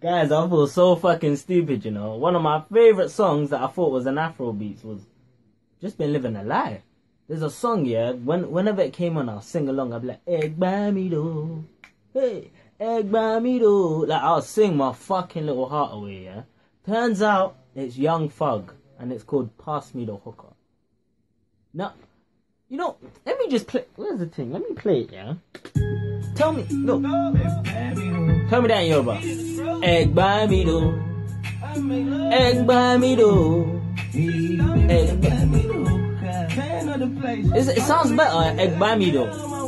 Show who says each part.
Speaker 1: Guys, I feel so fucking stupid, you know. One of my favorite songs that I thought was an Afro was Just Been Living a Lie. There's a song, yeah, when, whenever it came on, I'll sing along. I'll be like, Egg by do. Hey, egg by do. Like, I'll sing my fucking little heart away, yeah. Turns out it's Young Fug and it's called Pass Me the Hooker. Now, you know, let me just play. Where's the thing? Let me play it, yeah? Tell me, look. Tell me that in Yoruba egg by me, do. egg by me, do.
Speaker 2: It sounds better, egg by me, though.